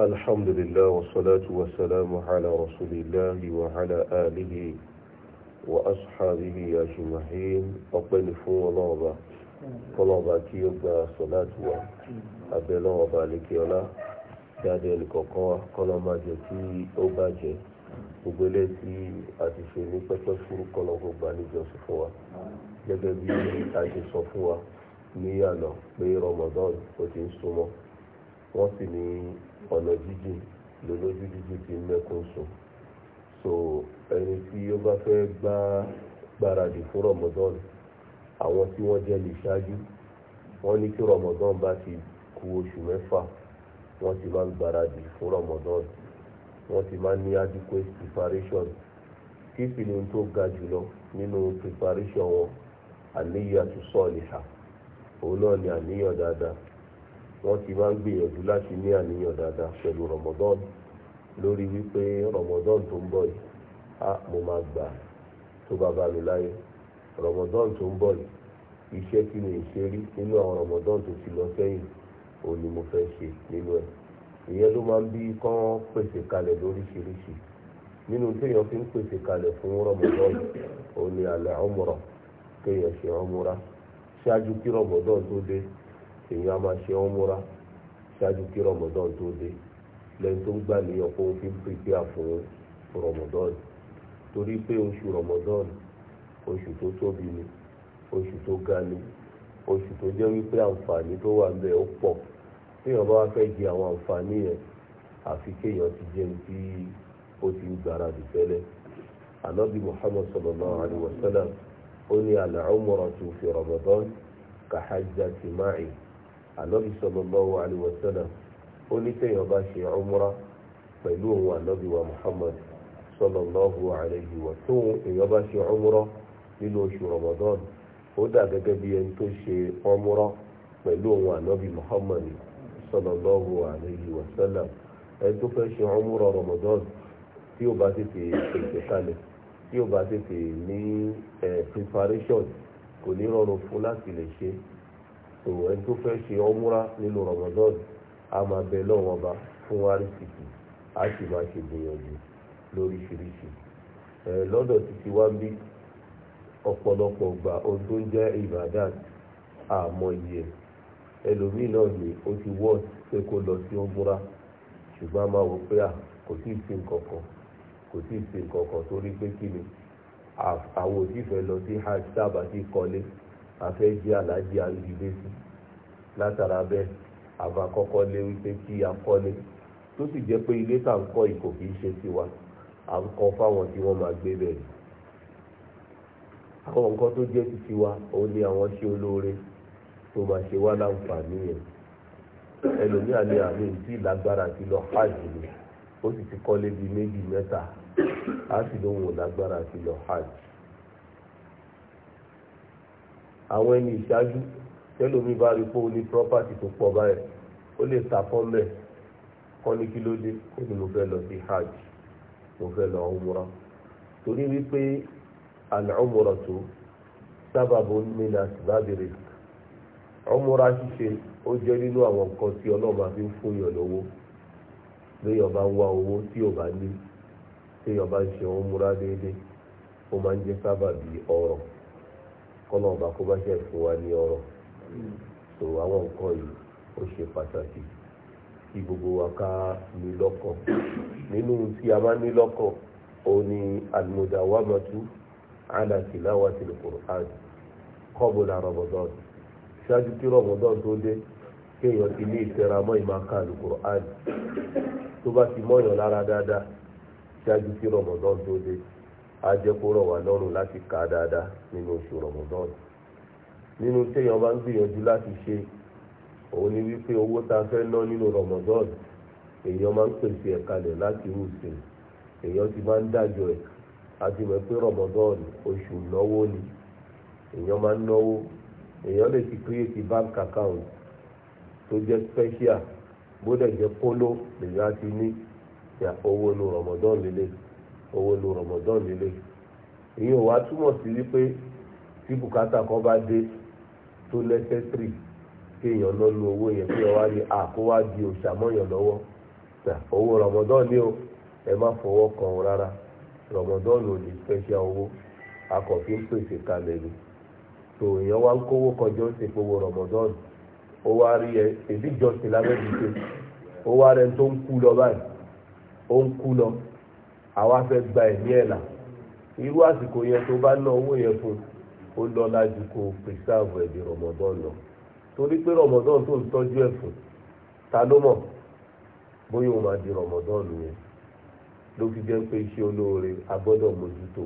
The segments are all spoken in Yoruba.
الحمد لله والصلاة والسلام على رسول الله وعلى آله وأصحابه أجمعين أقبل فون ولوبا kọlọba kí ó gba sọláàtì wa abẹ́lọ́wọ́ ọba àlékèọlá jáde ẹnìkọ̀ọ̀kan wa kọlọ́mà jẹ́ kí ó bàjẹ́ gbogbo eléyìí tí a ti ṣe ní pẹ́pẹ́ fún kọlọ́gbọ̀ gbà níjọsìn fún wa gẹ́gẹ́ bí a ti sọ fún wa ní àná pé Ramadan ó ti ń súnmọ́ wọ́n sì ní ọ̀nà jíjìn lólójú jíjìn ti mẹ́kún sùn so ẹni tí ó bá fẹ́ gbá gbáradì fún Ramadan àwọn tí wọ́n jẹ́ lè ṣáájú wọ́n ní kí Ramadan bá ti kù oṣù mẹ́fà wọ́n ti máa ń gbáradì fún Ramadan wọ́n ti máa ń ní adequate preparation kí sì ni ohun tó ga jùlọ nínú preparation wọn àníyàn tó sọ̀lìhà òun náà ni àníyàn dáadáa wọ́n ti máa ń gbìyànjú láti ní àníyàn dáadáa pẹ̀lú Ramadan lórí wípé Ramadan tó ń bọ̀ yìí á mo máa gbà tó bá bá mi láyé Ramadan tó ń bọ̀ yìí iṣẹ́ tí mi ṣe rí nínú àwọn Ramadan tó ti lọ sẹ́yìn òun ni mo fẹ́ ṣe nínú ẹ̀ ìyẹn ló máa ń bí kán pèsè kalẹ̀ lóríṣiríṣi nínú téèyàn fi ń pèsè kalẹ̀ fún Ramadan òun ni àlẹ́ ọmọràn kéèyàn ṣe ọmọra ṣáájú kí Ramadan tó dé èèyàn a máa ṣe wọn múra ṣáájú kí rọmọdán tó dé lẹ́yìn tó ń gbà níyàn kó fi ń fún torí pé oṣù oṣù tó tóbi ni oṣù tó ga ni oṣù tó jẹ́ wípé àǹfààní tó wà ń bẹ̀ ó pọ̀ téèyàn bá fẹ́ jẹ àwọn àǹfààní yẹn àfi kéèyàn ti jẹun tí ó ti ń tẹ́lẹ̀ anabi muhammad ànábì sallallahu alaihi wa sallam ó ní téèyàn bá ṣe umra pẹ̀lú òun ànábì wa muhammad sallallahu alaihi wa sallam tóun èèyàn bá ṣe umra nínú oṣù ramadan ó dà gẹ́gẹ́ bí ẹni tó ṣe umra pẹ̀lú òun ànábì muhammad sallallahu alaihi wa sallam ẹni tó fẹ́ ṣe umra ramadan tí ó bá tètè pèsè kalẹ̀ tí ó bá tètè ní eh, preparation kò ní rọrùn fún láti lè ṣe èèyàn ẹni tó fẹ́ ṣe ọmúra nínú Ramadan a máa bẹ lọ́wọ́ ọba fún wárísìkì a sì máa ṣe gbìyànjú lóríṣiríṣi lọ́dọ̀ títí wá bí ọ̀pọ̀lọpọ̀ gbà ohun tó ń jẹ́ Ìbàdàn àmọ́ iye ẹlòmíì náà ni ó ti wọ́ pé kó lọ sí ọmúra ṣùgbọ́n a máa pé à kò tí ì sí kò tí ì sí torí pé afẹ́ jí alájí àrídìlé sí látara bẹ́ẹ̀ àbá kọ́kọ́ lé wípé kí a kọ́lé tó sì jẹ́ pé ilé tá à ń kọ́ yìí kò kì ṣe tiwa à ń kọ́ fáwọn tí wọ́n máa gbé bẹ́ẹ̀ àwọn nǹkan tiwa òun ni àwọn ṣe olóore tó máa ṣe wá láǹfààní yẹn ẹlòmíà ni àmì lágbára ti lọ hajj ni ó sì ti kọ́lé bíi méjì mẹ́ta á sì lóun ò ti lọ àwọn ẹni ìṣáájú tẹ́lómi bá rí pé o ní property tó pọ̀ báyìí ó lè ta kọ́ ní kí hajj mo fẹ́ lọ umra torí wípé al-umra tó sábàbù min asbabi rizq ṣíṣe ó jẹ́ nínú àwọn nǹkan tí fi ń fún yàn bá ń wá owó tí ò bá ní bá ń ṣe kọ́nà ọba kó bá ṣe fún wa ní ọrọ̀ tó àwọn nǹkan yìí ó ṣe pàtàkì kí gbogbo wa ká ní lọ́kàn nínú tí a máa ní lọ́kàn òun ni almudawamatu ala tilawatil Qur'an qabla Ramadan ṣáájú kí Ramadan tó dé kéèyàn ti ní ìtẹramọ́ ìmáka al-Qur'an tó bá ti mọ́yàn lára dáadáa ṣáájú kí Ramadan tó dé á jẹ́ kó rọ̀ wá lọ́rùn láti kà á dáadáa nínú oṣù Ramadan nínú téèyàn bá ń gbìyànjú láti ṣe òun ni wípé owó tá a fẹ́ ná nínú Ramadan èèyàn máa ń pèsè ẹ̀ kalẹ̀ láti rúùsè èèyàn ti máa ń dájọ ẹ̀ àti mọ̀ pé Ramadan oṣù náwó ni èèyàn máa ń náwó èèyàn lè ti create bank account tó jẹ́ special bó dẹ̀ jẹ́ kóló lèyàn á ti ní owó nu Ramadan lélẹ̀ owó lu rọmọdán nílé ìyẹn wàá túmọ̀ sí wípé tí bùkátà kan bá dé tó lẹ́sẹ̀tìrì kéèyàn lọ lu owó yẹn kéèyàn wá rí àkówá di òṣàmọ́yàn lọ́wọ́ owó rọmọdán ni o ẹ má fọwọ́ kan rárá rọmọdán ò ní special owó akọ̀fin pèsè kalẹ̀ ni tó èèyàn wá ń kówó kọjọ ń ṣe gbogbo rọmọdán ó wá rí ẹ èdè ìjọsìn lábẹ́ ìdíje ó wá rẹ tó ń kú lọ báyìí ó ń kú lọ àwa fẹ́ gba ẹ̀mí ẹ̀ là irú àsìkò yẹn tó bá ná owó yẹn fún ó lọ lájú kó o pèsèàbò ẹ̀dì rọ̀mọ̀dán lọ torí pé rọ̀mọ̀dán tó ń tọ́jú ẹ̀ fún ta ló mọ̀ bóyá òun máa di rọ̀mọ̀dán yẹn ló fi jẹ́ pé iṣẹ́ olóore agbọ́dọ̀ mójútó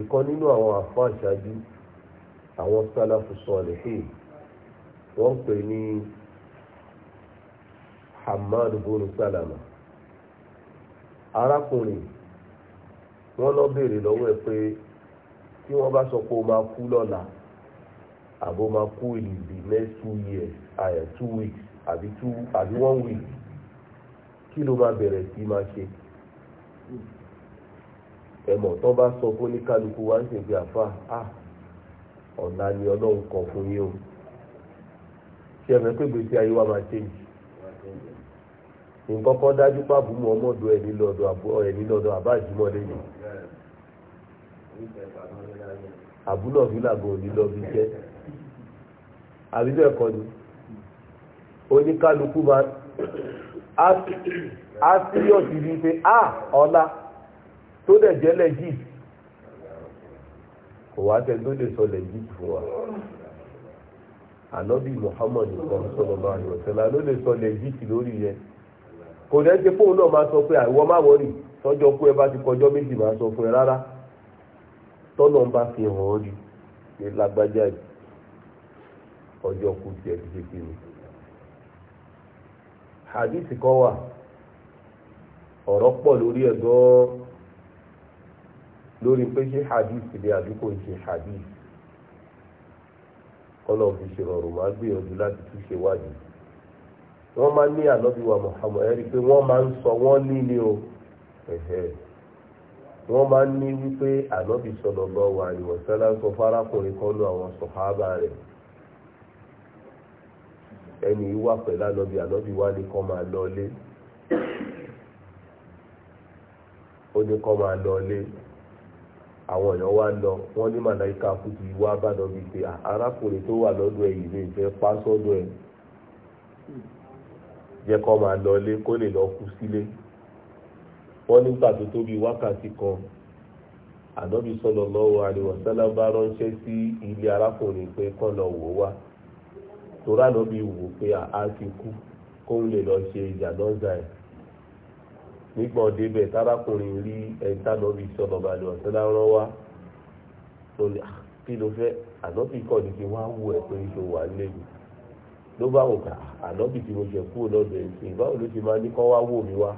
ìkan nínú àwọn àfọ àṣáájú àwọn sálàfù sọ̀lẹ̀ hì wọ́n ń pè ní Hamad bonu Salama arákùnrin wọ́n lọ béèrè lọ́wọ́ ẹ̀ pé tí wọ́n bá sọ pé o máa kú lọ́la àbò máa kú in next two years àyẹ two weeks àbí two àbí one week kí ló máa bẹ̀rẹ̀ sí máa ṣe ẹ̀mọ̀ tó bá sọ fún ní kálukú wá ń ṣègbè àfa à ọ̀la ni ọlọ́run kọ̀ fún yín o ṣe é pé gbèsè ayé wa máa ṣe yìí nǹkan kan dájú pàbù mọ́ ọmọdọ̀ ẹ̀ nílọ́dọ̀ àbá ìjùmọ̀lẹ́ yìí àbúlọ̀ bí làbọ̀ òní lọ bí jẹ́ àbíbẹ̀ kọ́ ni oníkálukú máa á síríọ̀sì bíi pé a ọ̀la tó dẹ̀ jẹ́ legit kò wá tẹ́ tó lè sọ legit fún wa ànábì Muhammad nìkan sọ̀rọ̀ máa yọ̀ sẹ́la ló lè sọ legit lórí yẹn kò dẹ́ ṣe fóun náà máa sọ pé àìwọ má wọ̀rì tọ́jọ́ kú ẹ bá ti kọjọ́ méjì máa sọ fún ẹ rárá tọ́nà ń bá fi hàn ọ́ rí ní lágbájá yìí ọjọ́ kú tiẹ̀ ti ṣe kí ni. hadisi kan wà ọ̀rọ̀ pọ̀ lórí ẹ̀ gan-an lórí pé ṣé hadisi ni àbí ń ṣe hadisi kọ́nà fi ṣe máa gbìyànjú láti túnṣe wádìí. wọ́n máa ní ànábìwà mọ̀hámọ́ ẹ rí i pé wọ́n máa ń sọ wọ́n nílé o wọ́n máa ń ní wípé ànábì sallallahu ìwọ̀nsẹ́lá wasallam sọ fárákùnrin kan lọ àwọn sọ̀hábà rẹ̀ ẹni yìí wà pẹ̀lú ànábì ànábì wà ní kọ́ máa lọlé ó ní kọ́ máa lọlé àwọn èèyàn wá lọ wọ́n ní màláìka kùtù yìí wá bá ànábì pé arákùnrin tó wà lọ́dọ̀ ẹ̀ yìí lè fẹ́ ẹ̀. jẹ́ kó máa lọlé kó lè lọ kú sílé wọ́n nígbà tó tó bíi wákàtí kan ànábì sallallahu alaihi wasallam bá ránṣẹ́ sí ilé arákùnrin pé kán lọ wò wá torí ànábì wò pé a ti kú kó lè lọ ṣe ìjàdọ́za ẹ̀ nígbà débẹ̀ tárákùnrin rí ẹ̀ńtà ànábì sallallahu alaihi wasallam rán wá lónìí kí ló fẹ́ ànábì kọ́ ni kí wọ́n á wò ẹ̀ pé ìṣòwò àlejò ló bá wò ká ah, ànábì tí mo jẹ kúrò lọ́dọ̀ ẹ̀sìn báwo ló ti máa ní kán wá wò mí wá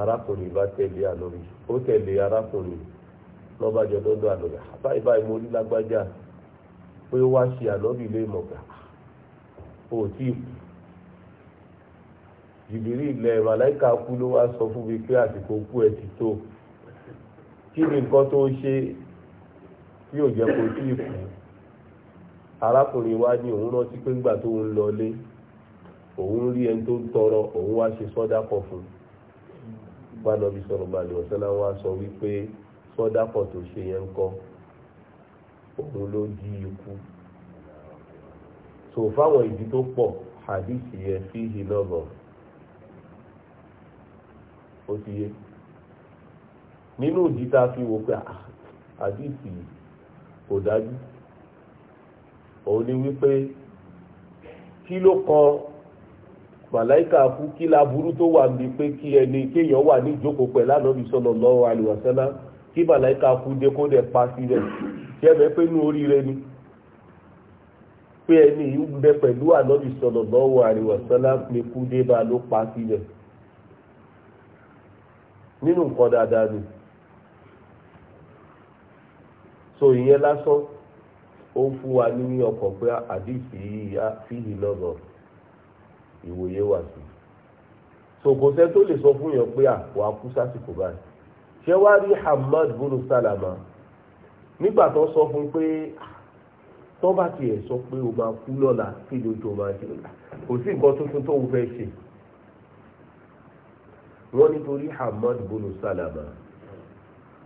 arákùnrin bá tẹ̀lé ànábì ó tẹ̀lé arákùnrin lọ́bàjọ́ lọ́dọ̀ ànábì ah, báyìí báyìí mo rí lágbájá pé wá ṣe ànábì lé ah, tí jìbìrì ilẹ̀ màláìka kú ló wá sọ fún mi pé àsìkò kú ẹ ti tó kí ni nǹkan tó ṣe tí ì arákùnrin wa ní òun rántí pé ńgbà tó ń lọlé òun rí ẹni tó ń tọrọ òun wá ṣe sọ́dá kọ fún un gbàdọ̀bí sọ̀rọ̀ balẹ̀ ọ̀sẹ́lá wa sọ wípé sọ́dá kọ tó ṣe yẹn ń kọ́ òun ló di ikú tò fáwọn ìdí tó pọ̀ hadith yẹn fi hì lọ́gọ̀ ó ti yé nínú ìdí tá a fi wò pé ah, hadith kò dájú òun ni wípé kí ló kan màláìka kú kí laburú tó wà ní pé kí ẹni kéèyàn wà ní ìjókòó pẹ̀lú ànábì sallallahu alaihi wasallam kí màláìka kú dé kó dẹ̀ pa sí rẹ̀ kí ẹ bẹ́ẹ̀ pé inú oríire ni pé ẹni yìí ń bẹ pẹ̀lú ànábì sallallahu alaihi wasallam ní kú dé bá ló pa sí rẹ̀ nínú nǹkan dáadáa ni so ìyẹn lásán ó ń fún wa ní ọkọ̀ pé àdìsí fíìlì lọ́gọ̀ ìwòye wà sí so kò sẹ́ tó lè sọ fún yàn pé àpò akú sásìkò báyìí ṣé wàá rí Hamad bùnú Salama nígbà tó sọ fún pé tó bá tiẹ̀ sọ pé o máa kú lọ́la kí ló tó máa ṣe kò sí nǹkan tuntun tó ń fẹ́ ṣe wọ́n nítorí Hamad bùnú Salama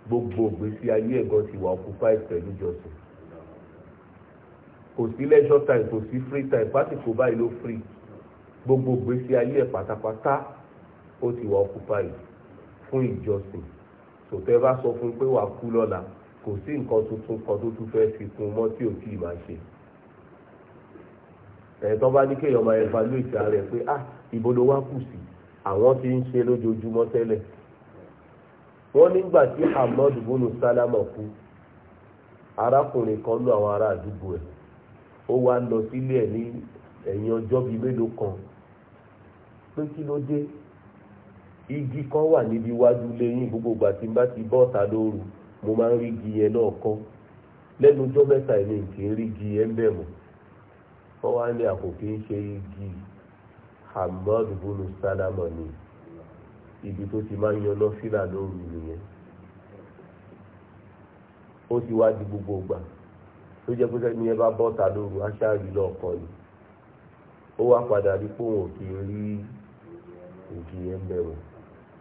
gbogbo ìgbésí ayé ẹ̀gọ́ ti wà ọkùnfà ìpẹ̀lú jọ̀sìn kò sí leisure time kò sí free time pásìkò báyìí ló free gbogbo gbèsè ayé ẹ̀ pátápátá ó ti wà occupy fún ìjọsìn tòtẹ́ bá sọ fún pé wàá kú lọ́la kò sí nǹkan tuntun kan tó tún fẹ́ fi kún mọ́ tí ò tí ì máa ṣe ẹ̀ẹ́dọ́ bá ní kéèyàn máa evaluate ara ẹ̀ pé ah ibo ló wá kù sí àwọn tí ń ṣe lójoojúmọ́ tẹ́lẹ̀ wọ́n nígbà tí Ahmad bunu Salama kú arákùnrin kan lù àwọn ará àdúgbò ẹ̀ ó wá lọ sílé ẹ̀ ní ẹ̀yìn ọjọ́ bíi mélòó kan pé kí ló dé igi kan wà níbi iwájú lẹ́yìn gbogbo ìgbà tí n bá ti bọ́ ọ̀tá lóru mo máa ń rí igi yẹn náà kán lẹ́nu ọjọ́ mẹ́ta ìní kì í rí igi yẹn bẹ̀ mọ́ wọ́n wá ní àkókò ń ṣe igi Ahmad bulu Salama ni ibi tó ti máa ń yan lọ́fílà lóru nìyẹn ó ti wá di gbogbo ìgbà tó jẹ́ pé sẹ́ni ẹ bá bọ́ta lóru aṣáájú lọ́ọ̀kan ni ó wá padà rí pé òun kì í rí òkì yẹn bẹ̀rù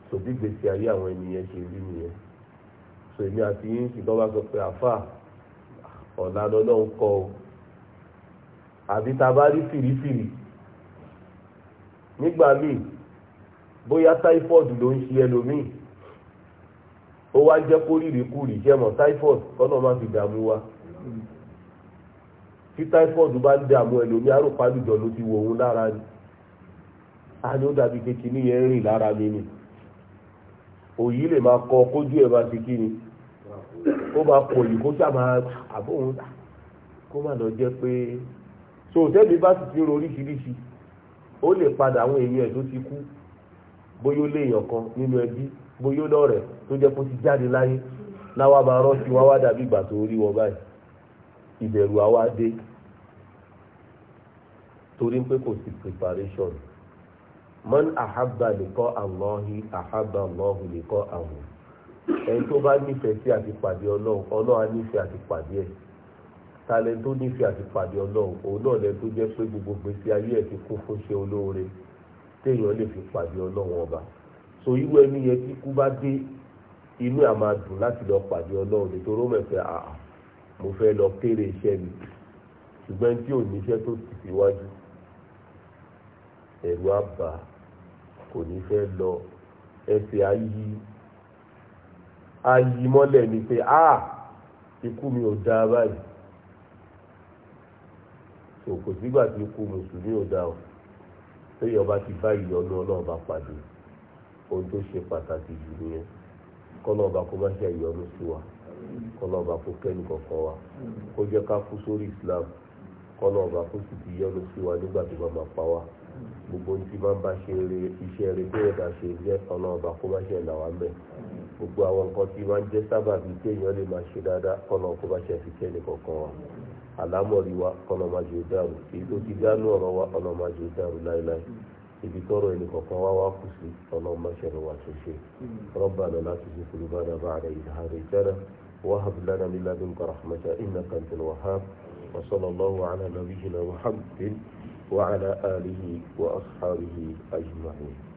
tòbí gbèsè ayé àwọn ènìyàn ṣe rí nìyẹn tò èmi àti yín sì lọ́wọ́ sọ pé àfà ọ̀la lọ́lọ́run kọ́ o àbí tá bá rí fìrífìrí nígbà míì bóyá táífọ́ọ̀dù ló ń ṣe ẹlòmíì ó wá jẹ́ kó rírì kúrì jẹ́mọ̀ táífọ́ọ̀dù kọ́nà má fi dààmú wa tí typhoid bá ń dààmú ẹlòmí arúpalùjọ ló ti wò òun lára ni a ní ó dàbí pé kíní yẹn ń rìn lára mi ni òyì lè máa kọ kójú ẹ̀ máa ti kí ni kó máa kọ yìí kó sábà àbóhùn kó má lọ jẹ́ pé so tẹ́bi bá ti ti ń ro oríṣiríṣi ó lè padà àwọn èèyàn ẹ̀ tó ti kú bóyá ó léèyàn kan nínú ẹbí bóyá ó lọ́rẹ̀ẹ́ tó jẹ́ kó ti jáde láyé láwa máa rántí wá wá dàbí ìgbà tó rí wọn báyìí ìbẹ̀rù àwa dé torí pé kò sí preparation man ahabba nìkọ́ Allahi ahabba Allahu nìkọ́ àwọn ẹni tó bá nífẹ̀ẹ́ sí àti pàdé ọlọ́run ọlọ́run á nífẹ̀ẹ́ àti pàdé ẹ̀ talẹ̀ tó nífẹ̀ẹ́ àti pàdé ọlọ́run òun náà lẹ́nu tó jẹ́ pé gbogbo gbèsè ayé ẹ̀ ti kún fún ṣe olóore téèyàn lè fi pàdé ọlọ́run ọba so irú ẹni yẹn bá dé inú àmàdùn láti lọ pàdé ọlọ́run nítorí ó mo fẹ́ lọ kéré iṣẹ́ mi ṣùgbọ́n tí ò níṣẹ́ tó sì síwájú ẹ̀rù á bà á kò ní fẹ́ lọ ẹsẹ̀ ayí ayí mọ́lẹ̀ ni pé a ikú mi ò dáa báyìí so kò sígbà tí ikú mùsùlùmí ò dáa o lóye ọba ti bá ìyọnu ọlọ́ọ̀ba pàdé ohun tó ṣe pàtàkì jù nìyẹn kọ́nà ọba kó má ṣe ìyọnu sí wa kọlọ́ọ̀bà kó kẹ́nu kọ̀ọ̀kan wa kó jẹ́ ká kú sórí islam kọlọ́ọ̀bà kó sì ti yọ́nu sí wa nígbà tó bá máa pa wá gbogbo ní ti máa ń bá ṣe eré iṣẹ́ rẹ bí ẹ̀dá ṣe jẹ́ ọlọ́ọ̀bà kó má ṣe ẹ̀dá wa mẹ́ gbogbo àwọn nǹkan tí máa ń jẹ́ sábàbí téèyàn lè máa ṣe dáadáa kọ́nà kó má ṣe fi kẹ́ni kọ̀ọ̀kan wa àlámọ̀rí wa kọ́nà má jò dàrú èyí tó ti dánú ọ̀rọ̀ wa kọ́nà má jò dàrú láéláé ibi tọrọ ẹni kọ̀ọ̀kan wá wá kù sí ọlọ́ọ̀ má ṣe tó ṣe rọ́bà náà láti ṣe kúlúbà náà bá àrẹ ìdáhàrẹ ìtẹ́rẹ́ وهب لنا من لدنك رحمة إنك أنت الوهاب وصلى الله على نبينا محمد وعلى آله وأصحابه أجمعين